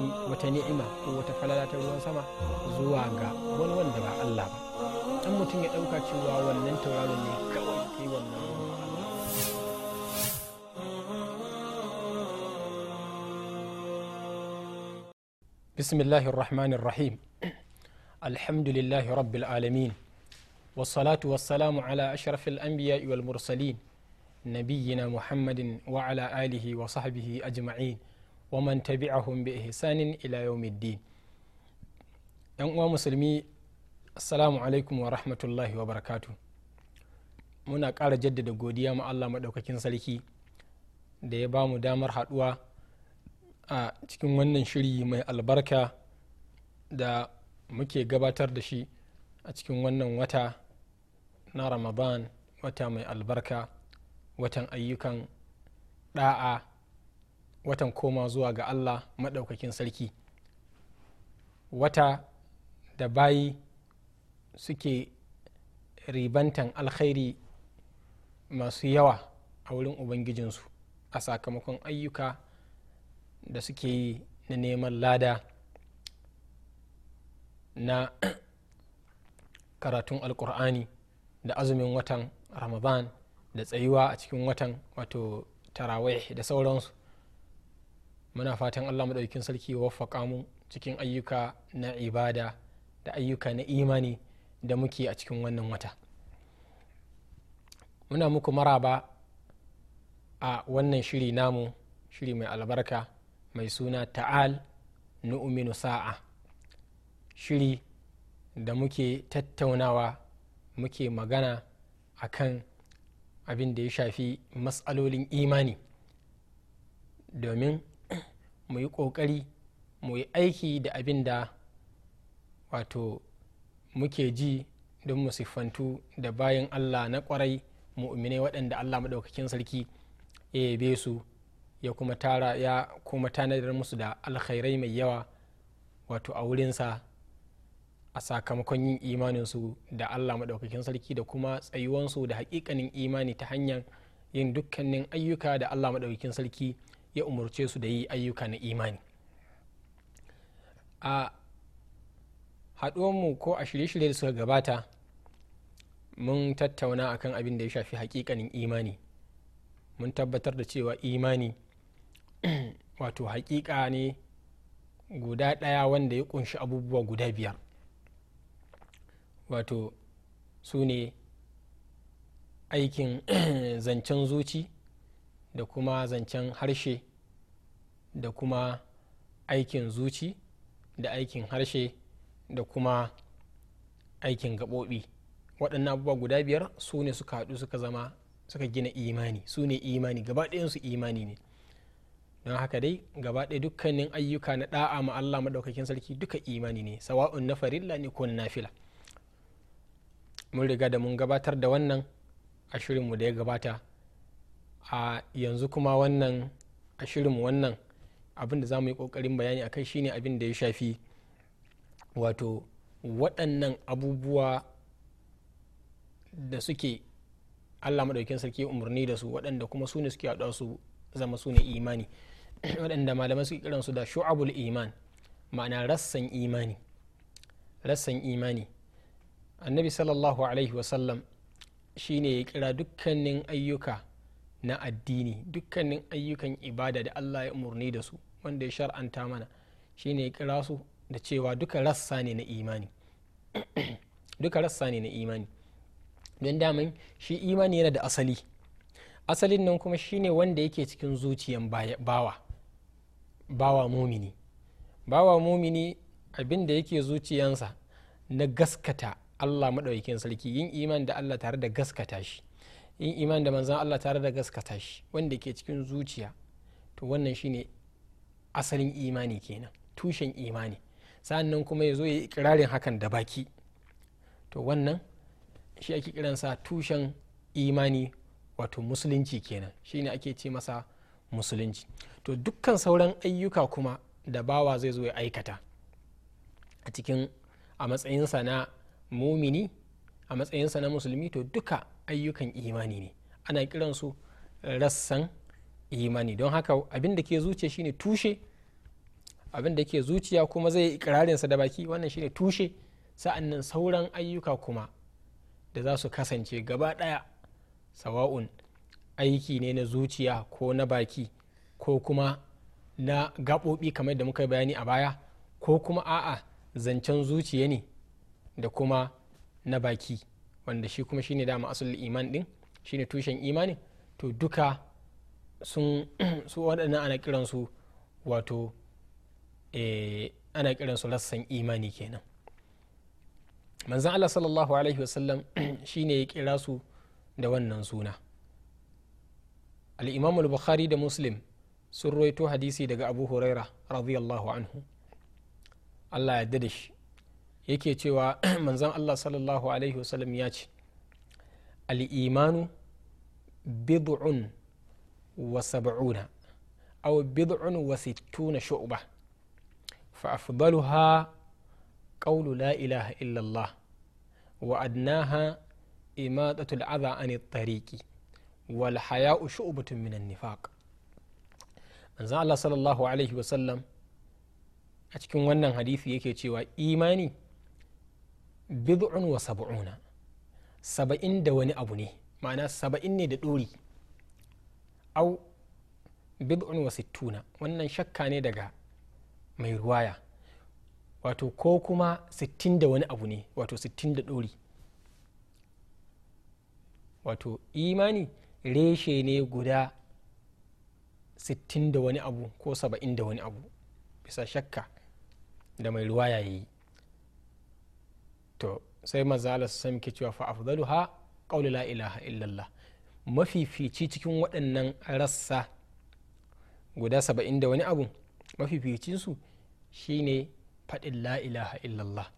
shi wata ni'ima ko wata falala ta ruwan sama zuwa ga wani wanda ba Allah ba dan mutum ya dauka cewa wannan tauraro ne kawai kai wannan Bismillahi rahmani rahim alhamdulillahi rabbil alamin wassalatu wassalamu ala ashrafil anbiya wal mursalin nabiyyina muhammadin wa ala alihi wa sahbihi ajma'in wa man tabi'ahum bi ihsanin ila yawmiddin yan uwa musulmi assalamu alaikum wa rahmatullahi wa barakatu muna ƙara jaddada godiya ma Allah maɗaukakin sarki da ya ba mu damar haɗuwa a cikin wannan shiri mai albarka da muke gabatar da shi a cikin wannan wata na ramadan wata mai albarka watan ayyukan ɗa'a watan koma zuwa ga allah maɗaukakin sarki wata da bayi suke ribantan alkhairi masu yawa a wurin ubangijinsu a sakamakon ayyuka da suke yi na neman lada na karatun alkur'ani da azumin watan ramadan da tsayuwa a cikin watan wato tarawih da sauransu muna fatan allah maɗaukin sarki waffaka mu cikin ayyuka na ibada da ayyuka na imani da muke a cikin wannan wata muna muku maraba a wannan shiri namu shiri mai albarka mai suna ta'al nu'uminu sa'a shiri da muke tattaunawa muke magana a kan abin da ya shafi matsalolin imani domin mu yi ƙoƙari mu yi aiki da abin da wato muke ji don mu siffantu da bayan allah na ƙwarai mu'minai waɗanda allah maɗaukakin sarki ya yabe su ya kuma tara ya kuma tanadar musu da alkhairai mai yawa wato a wurinsa a sakamakon yin imaninsu da allah maɗaukakin sarki da kuma tsayuwansu da haƙiƙanin imani ta hanyar yin dukkanin ayyuka da allah maɗaukakin sarki ya umarce su da yi ayyuka na imani a haɗuwanmu ko a shirye-shirye da suka gabata mun tattauna akan abin da ya shafi hakikanin imani mun tabbatar da cewa imani wato haƙiƙa ne guda ɗaya wanda ya ƙunshi abubuwa guda biyar wato su ne aikin zancen zuci da kuma zancen harshe da kuma aikin zuci da aikin harshe da kuma aikin gaɓoɓi waɗannan abubuwa guda biyar su ne suka haɗu suka zama suka gina imani su ne imani gaba su imani ne don haka dai gaba ɗaya dukkanin ayyuka na ɗa'a ma Allah maɗaukakin sarki duka imani ne sawa'un na farilla ne ko na fila mun riga da mun gabatar da wannan a shirinmu da ya gabata a yanzu kuma wannan a shirin wannan abin da za mu yi kokarin bayani akai shine abin da ya shafi wato waɗannan abubuwa da suke allah maɗaukin sarki umarni da su waɗanda kuma su ne suke haɗa su zama su ne imani waɗanda malamai suke kiran su da shu'abul iman ma'ana rassan imani rassan imani annabi sallallahu alaihi wasallam shine ya kira dukkanin ayyuka na addini dukkanin ayyukan ibada da allah ya umarni da su wanda ya shar'anta mana shine ya kira su da cewa duka rassa ne na imani duka rassa ne na imani don daman shi imani yana da asali asalin nan kuma shine wanda yake cikin zuciyan bawa bawa mumini bawa mumini abin da yake zuciyansa na gaskata allah maɗaukin sarki yin iman da allah tare da gaskata shi yin iman da manzan Allah tare da gaskata shi wanda ke cikin zuciya to wannan shine asalin imani kenan tushen imani sannan kuma ya zo ya yi ikirarin hakan da baki to wannan shi ake kiransa tushen imani wato musulunci kenan shine ake ce masa musulunci to dukkan sauran ayyuka kuma da bawa zai zo ya aikata a cikin a matsayinsa na mumini a matsayinsa na musulmi to duka ayyukan imani ne ana kiransu rassan imani don haka abin da ke zuciya shine tushe abin da ke zuciya kuma zai yi ikirarinsa da baki wannan shine tushe sa'annan sauran ayyuka kuma da za su kasance gaba ɗaya sawa'un aiki ne na zuciya ko na baki ko kuma na gaɓoɓi kamar da muka bayani a baya ko kuma a'a zancen zuciya ne da kuma na baki wanda shi kuma shine dama asul iman din shine tushen imanin to duka sun su waɗannan ana kiransu wato eh, ana kiransu lassan imani kenan manzan allah sallallahu alaihi wasallam shine ya kira su da wannan suna al-imam al-bukhari da muslim sun roito hadisi daga abu huraira radiyallahu anhu allah ya da shi yake cewa manzan allah sallallahu alaihi wasallam ya ce al'imanu bid'un wa sab'una aw bid'un wa sittuna shu'ba fa afdaluha qawlu la ilaha illallah wa adnaha imatatu al'adha an at-tariqi wal haya'u shu'batun min an-nifaq manzan allah sallallahu alaihi sallam a cikin wannan hadisi yake cewa imani bid'un wa sab'una saba'in da wani abu ne ma'ana saba'in ne da ɗori au bid'un wa sittuna wannan shakka ne daga mai ruwaya wato ko kuma sittin da wani abu ne wato sittin da ɗori wato imani reshe ne guda sittin da wani abu ko saba'in da wani abu bisa shakka da mai ruwaya ya yi to sai manzala su san ke cewa fa ha qawli la ilaha illallah mafifici cikin waɗannan rassa guda saba'in da wani abu mafificinsu shine faɗin la ilaha illallah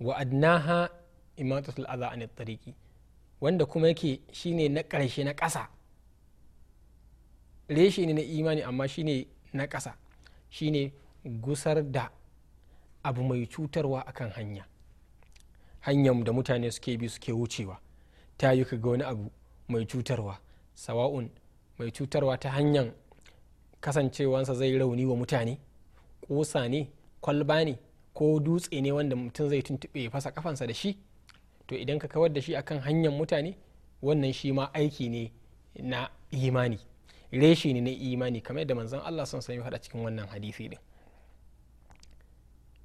wa adnaha imatatul aza an tariki wanda kuma yake shine na ƙarshe na ƙasa reshe ne na imani amma shine na ƙasa shine gusar da abu mai cutarwa akan hanya hanyar da mutane suke bi suke wucewa ta yi ga wani abu mai cutarwa sawa'un mai cutarwa ta hanyar kasancewansa zai rauni wa mutane ƙusa ne kwalba ne ko dutse ne wanda mutum zai tuntuɓe ya fasa kafansa da shi to idan ka kawar da shi akan hanyar mutane wannan shi ma aiki ne na imani reshi ne na imani kamar yadda manzon Allah son san faɗa cikin wannan hadisi din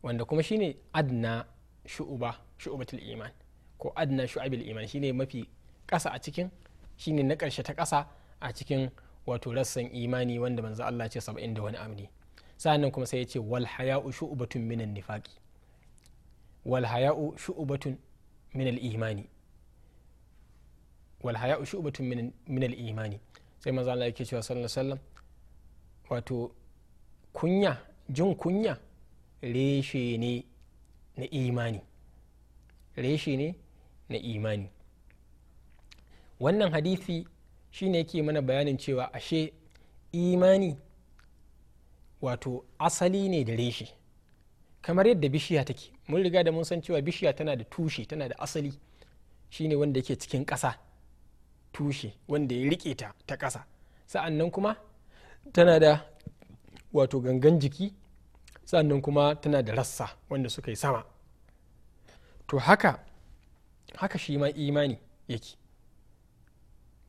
wanda kuma shine adna shu'uba shu'ubatul iman ko adna shu'abil iman shine mafi kasa a cikin shine na karshe ta kasa a cikin wato rassan imani wanda manzo Allah ce 70 da wani amri sannan kuma sai ya ce wal haya'u shu'batun minan nifaqi wal haya'u shu'batun minal imani wal haya'u shu'batun minal imani sai manzo Allah yake cewa sallallahu alaihi wasallam wato kunya jin kunya reshe ne na imani reshe ne na imani wannan hadithi shine yake mana bayanin cewa ashe imani wato asali ne da reshe kamar yadda bishiya take mun riga da mun san cewa bishiya tana da tushe tana da asali shine wanda yake cikin ƙasa tushe wanda ya rike ta ta ƙasa sa'an kuma tana da wato gangan jiki sannan kuma tana da rassa wanda suka yi sama to haka haka shi ma imani yake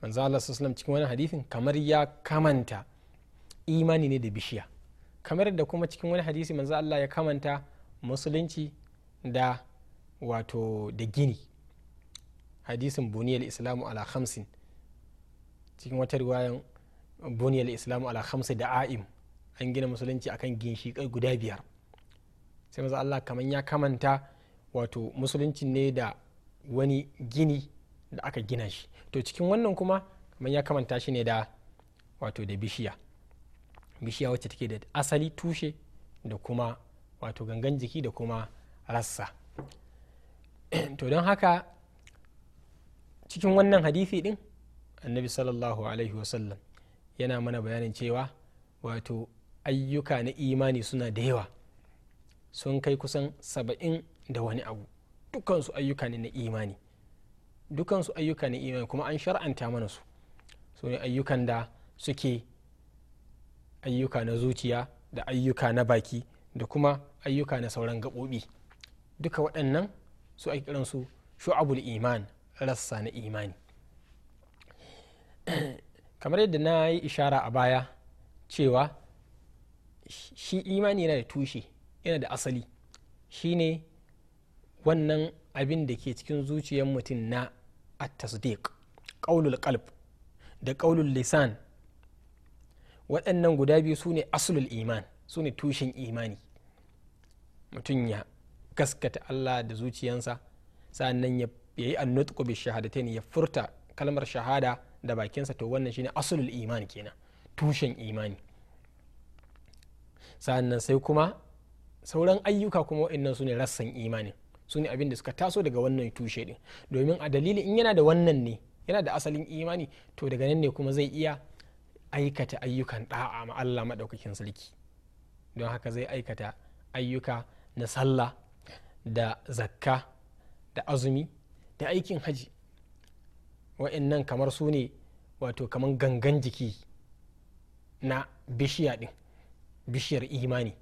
manzo Allah sallallahu cikin wani hadisin kamar ya kamanta imani ne da bishiya kamar da kuma cikin wani hadisi manzo Allah ya kamanta musulunci da wato da gini hadisin buniyar islamu ala khamsin cikin wata riwayan buniyar islamu ala khamsin da a'im an gina musulunci akan kai guda biyar sai maza allah kaman ya kamanta wato musulunci ne da wani gini da aka gina shi to cikin wannan kuma kamar ya kamanta shi ne da wato da bishiya bishiya wacce take da asali tushe da kuma wato gangan jiki da kuma rassa to don haka cikin wannan hadithi din annabi sallallahu alaihi wasallam yana mana bayanin cewa wato ayyuka na imani suna da yawa sun kai kusan saba'in da wani abu dukansu ayyuka ne na imani dukansu ayyuka na imani kuma an shar'anta mana su su ne ayyukan da suke ayyuka na zuciya da ayyuka na baki da kuma ayyuka na sauran gaɓoɓi duka waɗannan su ake kiransu shu'abul iman rassa na imani kamar yadda na yi ishara a baya cewa shi imani yana da tushe yana da asali shine wannan abin da ke cikin zuciyar mutum na at-tasdiq qaulul qalb da qaulul lisan waɗannan guda biyu su ne asulul iman su ne tushen imani mutum ya gaskata allah da zuciyansa sannan ya yi annutku bi shahadatain ya furta kalmar shahada da bakinsa to wannan shine asulul iman kenan tushen imani sa'an nan sai kuma sauran ayyuka kuma waɗannan su ne rassan imanin su ne abin da suka taso daga wannan tushe din domin a dalili in yana da wannan ne yana da asalin imani to daga nan ne kuma zai iya aikata ayyukan da'a ma Allah madaukakin sarki don haka zai aikata ayyuka na sallah da zakka da azumi da aikin haji wa'annan kamar su ne wato kamar gangan jiki na bishiya din bishiyar imani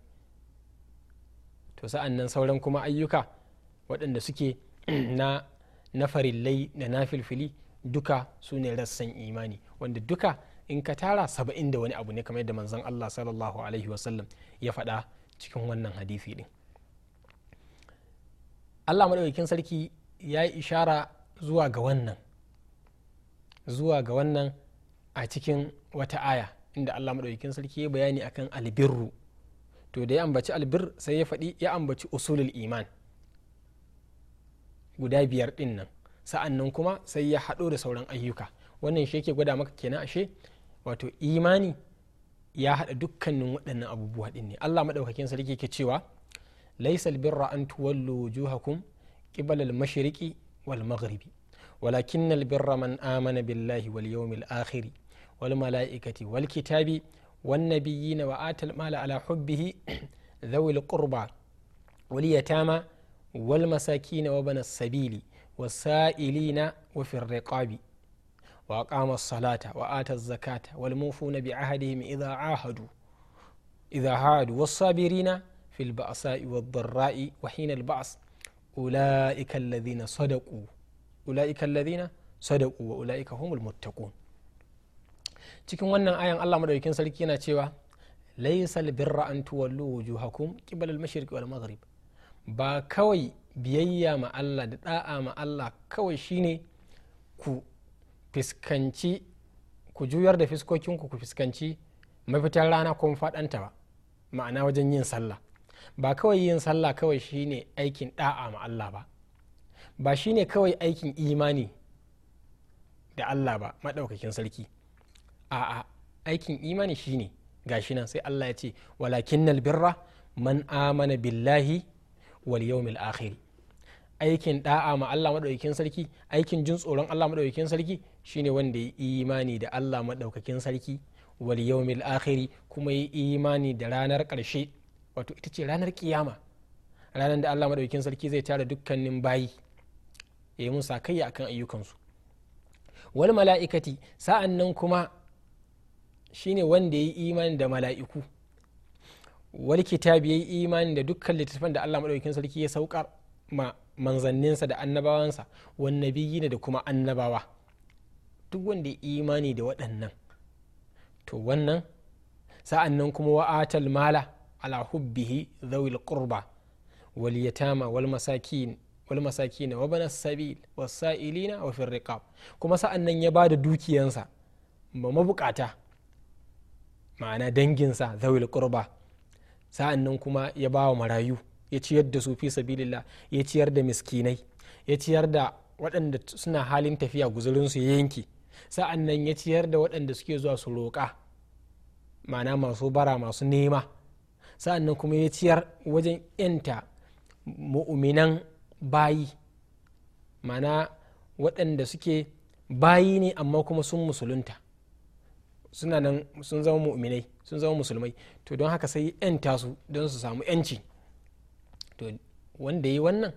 to sa'an nan sauran kuma ayyuka waɗanda suke na na farillai da na filfili duka su ne rassan imani wanda duka in ka tara saba'in da wani abu ne kamar yadda manzon Allah sallallahu alaihi wasallam ya faɗa cikin wannan hadisi din Allah madaukakin sarki ya yi ishara zuwa ga wannan zuwa ga wannan a cikin wata aya inda Allah madaukakin sarki ya bayani akan albirru to da ya ambaci albir sai ya faɗi ya ambaci usulul iman guda biyar din nan sa'an nan kuma sai ya haɗo da sauran ayyuka wannan shi yake gwada maka kenan ashe wato imani ya haɗa dukkanin waɗannan abubuwa ɗin ne Allah maɗaukakin sarki ke cewa laisal birra an tuwallu wujuhakum qibala al-mashriqi wal maghribi walakin al-birra man amana billahi wal yawmil akhiri والملائكة والكتاب والنبيين وآتى المال على حبه ذوي القربى واليتامى والمساكين وبن السبيل والسائلين وفي الرقاب وأقام الصلاة وآتى الزكاة والموفون بعهدهم إذا عاهدوا إذا عادوا والصابرين في البأساء والضراء وحين البعث أولئك الذين صدقوا أولئك الذين صدقوا وأولئك هم المتقون cikin wannan ayan Allah madaukakin sarki yana cewa laysa birra an tuwallu wujuhakum qibal al-mashriq wal maghrib ba kawai biyayya ma Allah da da'a ma Allah kawai shine ku fiskanci ku juyar da fiskokinku ku fiskanci mafitar rana ko faɗanta ba ma'ana wajen yin sallah ba kawai yin sallah kawai shine aikin da'a ma Allah ba ba shine kawai aikin imani da Allah ba maɗaukakin sarki a'a aikin imani shine gashi nan sai Allah ya ce walakinnal birra man amana billahi wal yawmil akhir aikin da'a ma Allah madaukakin sarki aikin jin tsoron Allah madaukakin sarki shine wanda ya imani da Allah madaukakin sarki wal yawmil akhir kuma ya imani da ranar karshe wato ita ce ranar kiyama ranar da Allah madaukakin sarki zai tara dukkanin bayi ya yi kai sakayya akan ayyukansu wal mala'ikati sa'an nan kuma shine wanda ya yi imani da mala'iku wani kitabi ya yi imani da dukkan littattafan da allah maɗaukin sarki ya sauka ma manzanninsa da annabawansa ne da kuma annabawa duk wanda ya imani da waɗannan to wannan sa'an nan kuma wa'atal mala ala hubbihi zawil qurba wal yatama wal masakin wal masakin wa banas sabil was sa'ilina wa fil kuma sa'an nan ya bada dukiyansa ba mabukata ma'ana danginsa zawil kurba sa'an nan kuma ya ba wa marayu ya ciyar da su fi sabilillah ya ciyar da miskinai ya ciyar da waɗanda suna halin tafiya guzurin ya yanki sa'an nan ya ciyar da waɗanda suke zuwa su roƙa ma'ana masu bara masu nema sa'an nan kuma ya ciyar wajen yanta mu'minan bayi ma'ana waɗanda suke bayi ne amma kuma sun musulunta suna nan sun zama mu'minai sun zama musulmai to don haka sai yanta su don su samu yanci to wanda yi wannan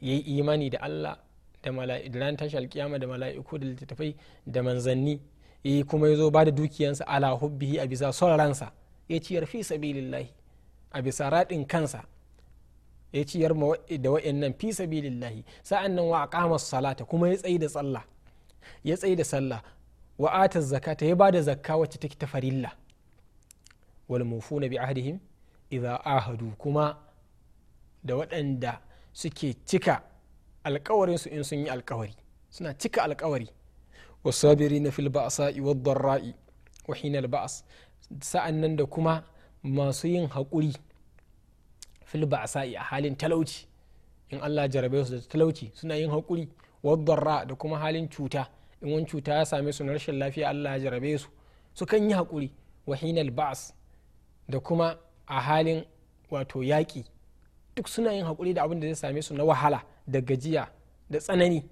ya yi imani da allah da ran tashi alkiyama da mala'iku da littattafai da manzanni ya eh, yi kuma ya zo ba da dukiyansa ala hubbihi a bisa son ya ciyar fi sabilillahi a bisa raɗin kansa ya ciyar da nan fi sabilillahi sa'an nan wa a kama salata kuma ya tsayi da sallah ya tsayi da sallah wa zaka zakata ya bada zakka wacce take ta farilla wal mufuna bi ahdihim idza ahadu kuma da waɗanda suke cika alkawarin su in sun yi alkawari suna cika alkawari na fil ba'sa'i wad dharra'i wa hinal ba'as sa'an nan da kuma masu yin haƙuri fil ba'sa'i a halin talauci in Allah jarabe su da talauci suna yin haƙuri wad da kuma halin cuta in wani cuta ya same su na rashin lafiya Allah ya jarabe su sukan yi haƙuri wa hinal ba'as da kuma a halin wato yaƙi duk suna yin haƙuri da abin da zai same su na wahala da gajiya da tsanani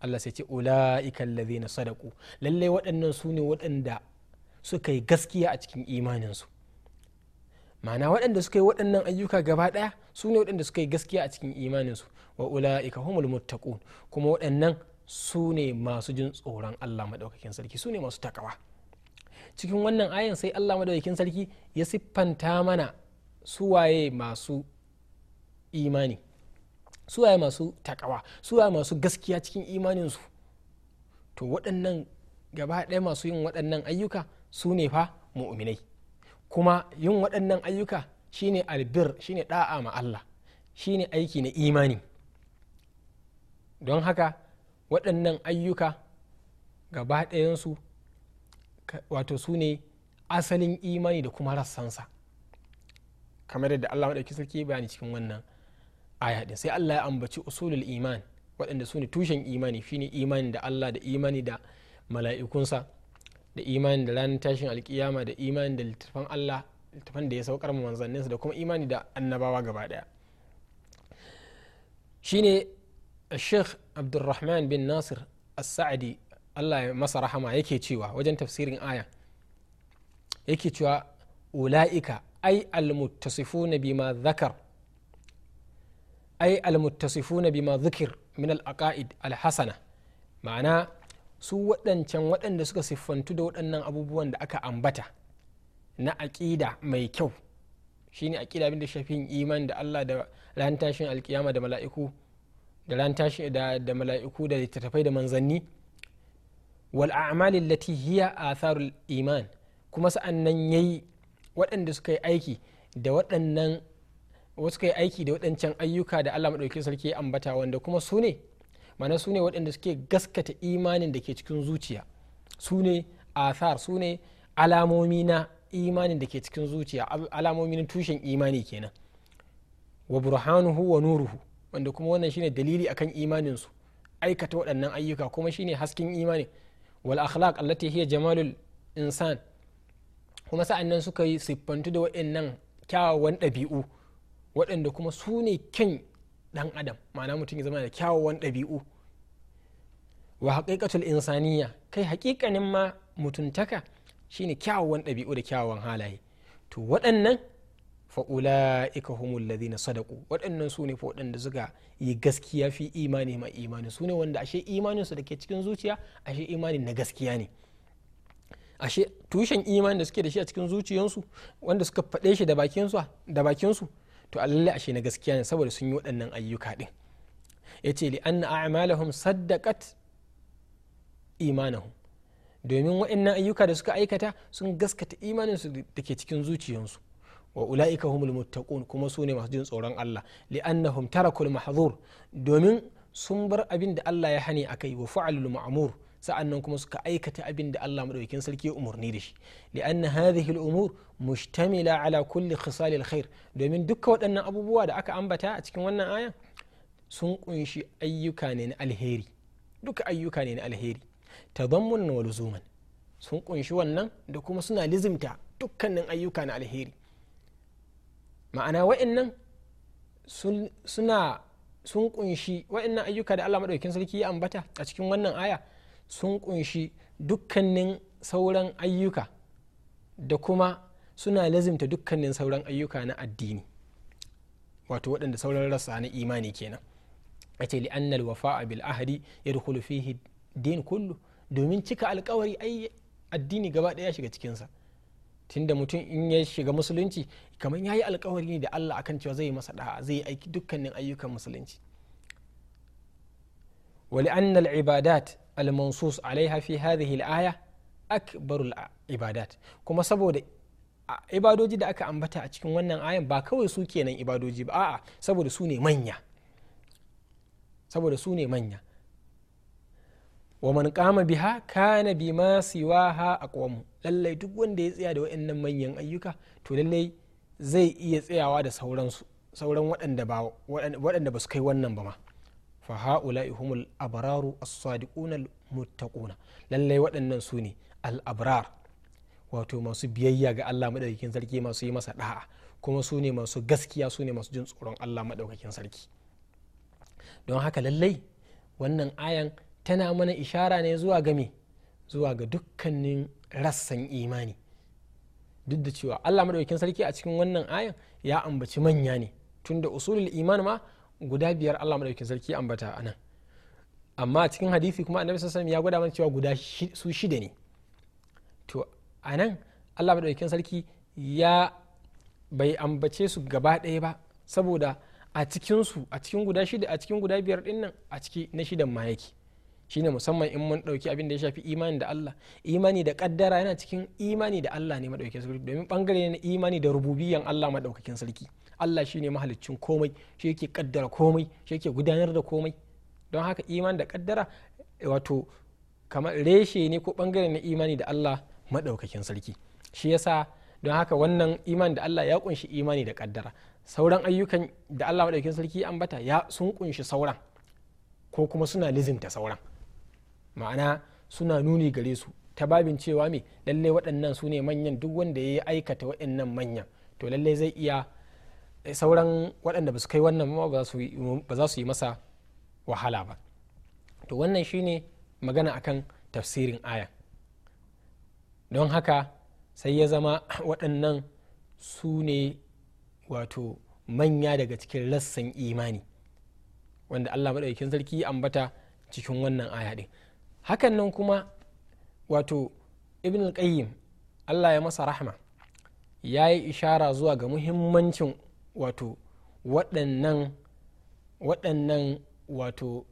Allah sai ce ula'ika na sadaku lallai waɗannan su ne waɗanda suka yi gaskiya a cikin imaninsu ma'ana waɗanda suka yi waɗannan ayyuka gaba ɗaya su ne waɗanda suka yi gaskiya a cikin imaninsu wa ula'ika humul muttaqun kuma waɗannan su ne masu jin tsoron allah maɗaukakin sarki su ne masu takawa cikin wannan ayan sai allah maɗaukakin sarki ya siffanta mana suwaye masu imani suwaye masu takawa suwaye masu gaskiya cikin imaninsu to waɗannan gaba ɗaya masu yin waɗannan ayyuka su ne fa mu'minai kuma yin waɗannan ayyuka shine albir shine da'a ma Allah shine aiki na imani don haka waɗannan ayyuka gaba ɗayansu wato su ne asalin imani da kuma rassansa kamar yadda allah maɗauki sarki bayani cikin wannan aya ɗin sai allah ya ambaci usulul iman waɗanda su ne tushen imani shine imani da allah da imani da mala'ikunsa da imani da ranar tashin alkiyama da imani da littattafan allah littattafan da ya saukar manzanninsa da kuma imani da annabawa gaba ɗaya shine sheikh abdulrahman bin nasir as-sa'adi allah ya masa rahama yake cewa wajen tafsirin aya yake cewa ula'ika ai almuttasifuna bima zakar ai almuttasifuna bima zikir min al-aqaid ma'ana su waɗancan waɗanda suka siffantu da waɗannan abubuwan da aka ambata na aƙida mai kyau shine a abin da shafin iman da allah da ran tashin alkiyama da mala'iku da ran tashi da da mala'iku da littattafai da manzanni wal a'malil lati hiya atharul iman kuma sa'annan yayi waɗanda suka yi aiki da waɗannan wasu yi aiki da waɗancan ayyuka da Allah maɗauki sarki ya ambata wanda kuma su ne mana su ne waɗanda suke gaskata imanin da ke cikin zuciya su ne athar su ne alamomi na imanin da ke cikin zuciya alamomi na tushen imani kenan wa burhanuhu wa nuruhu wanda kuma wannan shine dalili akan imanin su aikata waɗannan ayyuka kuma shine hasken imani wal akhlaq allati hiya jamalul insan kuma sa'annan suka yi siffantu da waɗannan kyawawan ɗabi'u waɗanda kuma su ne kyan ɗan adam ma'ana mutum ya zama da kyawawan ɗabi'u wa haqiqatul insaniya kai haƙiƙanin ma mutuntaka shine kyawawan ɗabi'u da kyawawan halaye to waɗannan fa'ula'ika humul na sadaku waɗannan su ne waɗanda suka yi gaskiya fi imani ma imani su ne wanda ashe imanin su da ke cikin zuciya ashe imanin na gaskiya ne ashe tushen imani da suke da shi a cikin zuciyansu wanda suka faɗe shi da bakinsu to lallai ashe na gaskiya ne saboda sun yi waɗannan ayyuka din yace li anna a'malahum saddaqat imanahum domin waɗannan ayyuka da suka aikata sun gaskata imanin su da ke cikin zuciyansu wa ula'ika humul muttaqun kuma su ne masu jin tsoron Allah li'annahum tarakul mahzur domin sun bar abin da Allah ya hani akai wa fa'alul ma'mur sa'annan kuma suka aikata abin da Allah madaukakin sarki ya umarni da shi li'anna hadhihi al-umur mushtamila ala kulli khisal domin duka waɗannan abubuwa da aka ambata a cikin wannan ayan sun kunshi ayyuka ne na alheri duka ayyuka ne na alheri tadammunan wa luzuman sun kunshi wannan da kuma suna lizimta dukkanin ayyuka na alheri ma'ana wa'annan suna sun kunshi wa'annan ayyuka da allah maɗaukin sarki ya ambata a cikin wannan aya sun kunshi dukkanin sauran ayyuka da kuma suna lazimta dukkanin sauran ayyuka na addini wato waɗanda sauran rasa na imani kenan a ce li'annal wafa'a bil ahadi ya fihi din kullu domin cika alkawari ai addini gaba ɗaya shiga cikinsa tunda mutum in ya shiga musulunci kamar ya yi alkawari da allah akan cewa zai masa da zai yi aiki dukkanin ayyukan musulunci ولأن العبادات المنصوص عليها في هذه الآية أكبر العبادات Kuma saboda ibadoji da aka ambata a cikin wannan ayan ba kawai su kenan ibadoji ba a'a saboda su ne manya saboda su ne manya wa man qama biha kana bima siwaha aqwamu lallai duk wanda ya tsaya da wa'annan manyan ayyuka to lallai zai iya tsayawa da sauransu sauran waɗanda ba su kai wannan ba ma fa haula ihumul abraru as-sadiquna al-muttaquna lallai waɗannan su ne al-abrar wato masu biyayya ga Allah madaukakin sarki masu yi masa da'a kuma su ne masu gaskiya su ne masu jin tsoron Allah madaukakin sarki don haka lallai wannan ayan tana mana ishara ne zuwa game zuwa ga dukkanin rassan imani duk da cewa allah maɗaukin sarki a cikin wannan ayan ya ambaci manya ne tunda usulul iman ma guda biyar allah maɗaukin sarki ambata a nan amma a cikin hadisi kuma annabi sallallahu ya gwada mana cewa guda su shida ne to a nan allah maɗaukin sarki ya bai ambace su gaba ɗaya ba saboda a su a cikin guda shida a cikin guda biyar ɗin nan a ciki na shidan ma yake shine musamman in mun dauki abin da ya shafi imani da Allah imani da kaddara yana cikin imani da Allah ne madaukakin sarki domin bangare ne imani da rububiyan Allah madaukakin sarki Allah shine mahaliccin komai shi yake kaddara komai shi yake gudanar da komai don haka imani da kaddara wato kamar reshe ne ko bangare na imani da Allah madaukakin sarki shi yasa don haka wannan imani da Allah ya kunshi imani da kaddara sauran ayyukan da Allah madaukakin sarki ambata ya sun kunshi sauran ko kuma suna lizinta sauran ma'ana suna nuni gare su ta babin cewa me lallai waɗannan su ne manyan duk wanda ya yi aikata waɗannan manyan to lallai zai iya eh, sauran waɗanda ba su kai wannan ba za su yi masa wahala ba to wannan shine magana akan tafsirin aya don haka sai ya zama waɗannan su ne wato manya daga cikin rassan imani wanda allah maɗaukin sarki ambata cikin wannan aya ɗin hakan nan kuma wato ibn al-qayyim allah ya masa rahma ya yi ishara zuwa ga muhimmancin wato waɗannan waɗannan wato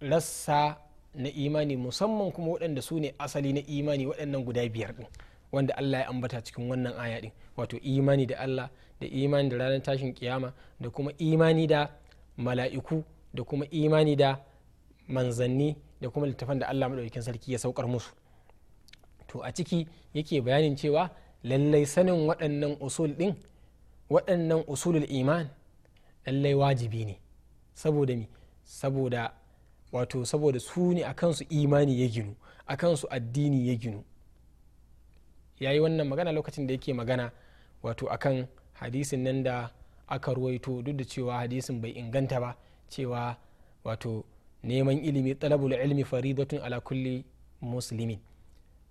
rassa na imani musamman kuma waɗanda su ne asali na imani waɗannan guda biyar ɗin wanda allah ya ambata cikin wannan aya ɗin wato imani da allah da imani da ranar tashin kiyama da kuma imani da mala'iku da kuma imani da manzanni da kuma littafan da Allah madaukakin sarki ya saukar musu to a ciki yake bayanin cewa lallai sanin waɗannan usul ɗin waɗannan usulul iman lallai wajibi ne saboda mi saboda wato saboda su ne a kansu imani ya ginu a kansu addini ya ginu ya yi wannan magana lokacin da yake magana wato akan hadisin nan da aka ruwaito duk da cewa hadisin bai inganta ba cewa wato neman ilimi talabul ilmi faridatun ala kulli muslimin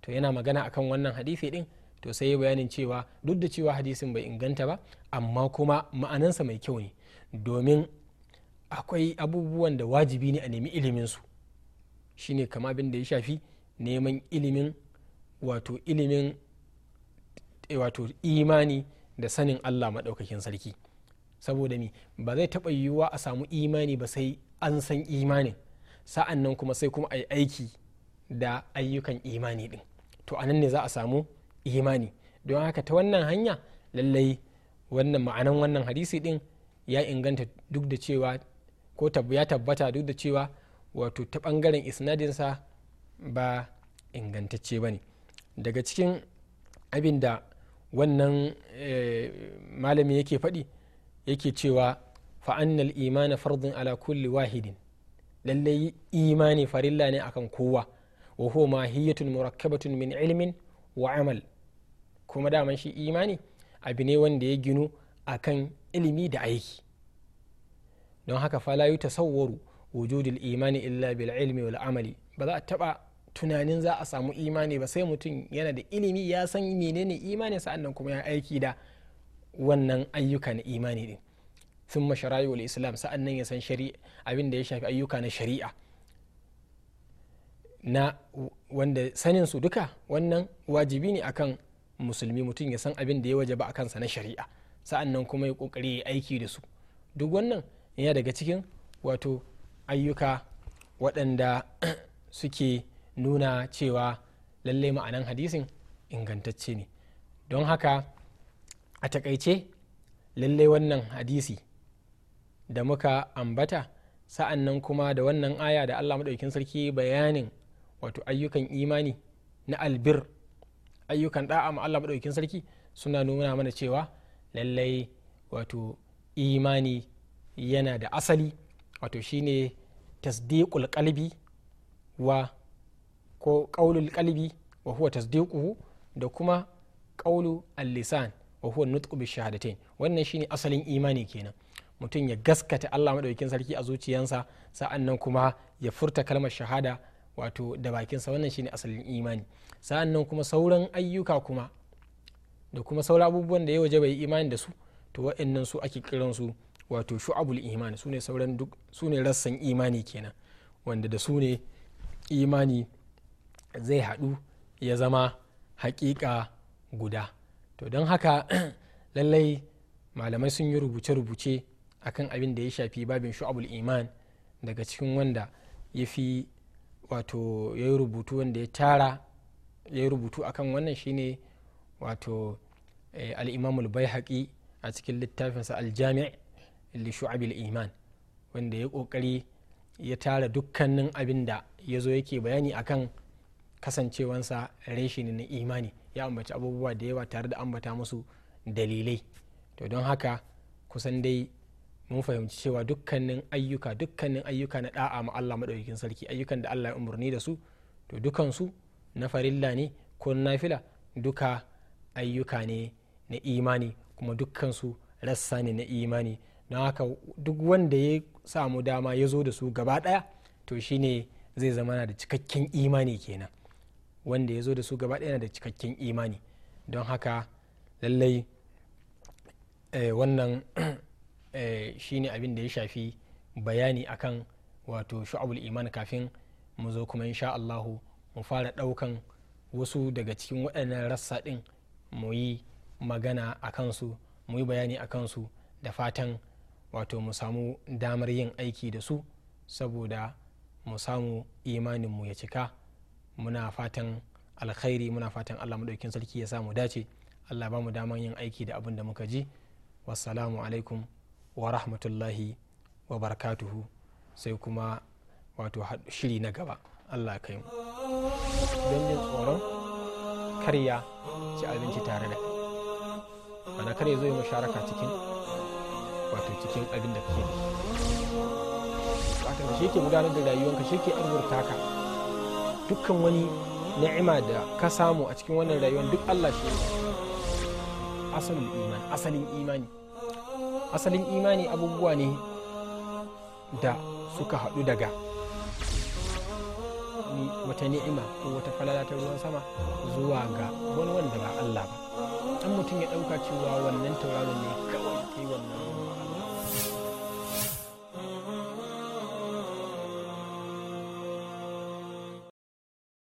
to yana magana akan wannan hadisi din to sai bayanin cewa duk da cewa hadisin bai inganta ba amma kuma ma'anansa mai kyau ne domin akwai abubuwan da wajibi ne a nemi iliminsu shine kamar abin da ya shafi neman ilimin wato ilimin eh, wato imani da sanin allah maɗaukakin sarki saboda mi ba zai taɓa yiwuwa a samu imani ba sai an san imanin sa'an nan kuma sai kuma a yi aiki da ayyukan imani din to a nan ne za a samu imani don haka ta wannan hanya lallai wannan ma'anan wannan hadisi din ya inganta duk da cewa ko ya tabbata duk da cewa wato ta bangaren isnadinsa ba ingantacce ba ne daga cikin abin da wannan eh, malami yake faɗi yake cewa fa'annal imani fardun ala kulli wahidin lallai imani farilla ne akan kowa wa mahiyyatun mahiyatun murakkabatun min ilmin wa amal kuma daman shi imani abu wanda ya ginu akan ilimi da aiki don haka fala yi tasawwaru wujudul imani illa bil ilmi wal amali ba za a taba tunanin za a samu imani ba sai mutum yana da ilimi ya san menene imani sannan kuma ya aiki da wannan ayyukan na imani din thumma shara'i'ul islam nan ya san shari'a abin da ya shafi ayyuka na shari'a na wanda sanin su duka wannan wajibi ne akan musulmi mutum ya san abin da ya ba a kansa na shari'a sa'annan kuma ya kokari ya aiki da su duk wannan yana daga cikin wato ayyuka waɗanda suke nuna cewa lallai ma'anan hadisin ingantacce ne don haka a takaice lallai wannan hadisi da muka ambata sa'an nan kuma da wannan aya da allah maɗaukin sarki bayanin wato ayyukan imani na albir ayyukan ɗa’a ma allah maɗaukin sarki suna nuna mana cewa lallai wato imani yana da asali wato shine tasdiƙul ƙalbi wa ko qaulul qalbi wa huwa tasdiquhu da kuma ƙaulul al-lisan wa huwa nutqu bi shahadatain wannan shine asalin imani kenan mutum ya gaskata allah maɗaukin sarki a zuciyansa sa'an nan kuma ya furta kalmar shahada wato da bakinsa wannan shine asalin imani sa'an nan kuma sauran ayyuka kuma da kuma sauran abubuwan da ya waje bai imani da su to wa'annan su ake kiran su wato shu'abul imani su ne sauran duk su ne rassan imani kenan wanda da su ne imani zai haɗu ya zama haƙiƙa guda to don haka lallai malamai sun yi rubuce-rubuce akan abin da ya shafi babin shu'abul iman daga cikin wanda ya fi wato ya yi rubutu wanda ya tara ya yi rubutu akan wannan shine wato eh, al'imamul bai haƙi a cikin littafinsa aljami' li shu'abul iman wanda ya ƙoƙari ya tara dukkanin abin da ya zo yake bayani akan kasancewansa reshe ne na imani ya ambaci abubuwa da yawa tare da ambata musu dalilai to don haka kusan dai mun fahimci cewa dukkanin ayyuka dukkanin ayyuka na da'a ma Allah madaukakin sarki ayyukan da Allah ya umarni da su to dukansu na farilla ne ko na nafila duka ayyuka ne na imani kuma dukkansu rassa ne na imani don haka duk wanda ya samu dama ya zo da su gaba daya to shine zai zama da cikakken imani kenan wanda ya zo da su gaba daya na da cikakken imani don haka lallai eh, wannan Eh, shine abin da ya shafi bayani akan wato sha'abul iman kafin mu zo kuma insha Allahu mu fara daukan wasu daga cikin waɗannan rassa ɗin mu yi magana a kansu mu yi bayani a kansu da fatan wato mu samu damar yin aiki da su saboda mu samu imanin mu ya cika muna fatan alkhairi muna fatan allah maɗaukin sarki ya samu dace allah ba mu damar yin aiki da abin da muka ji wassalamu alaikum wa rahmatullahi wa barakatuhu sai kuma wato shiri na gaba allah kai mu don yin tsoron karya ci abinci tare da kai mana kare zo yi musharaka cikin wato cikin abin da kake wato shi ke gudanar da rayuwanka shi ke arzurta ka dukkan wani ni'ima da ka samu a cikin wannan rayuwar duk allah shi ne asalin imani asalin imani abubuwa ne da suka haɗu daga wata ni'ima ko wata falala ta ruwan sama zuwa ga wani wanda ba Allah ba an mutum ya ɗauka cewa wannan tauraron ne kawai ke wannan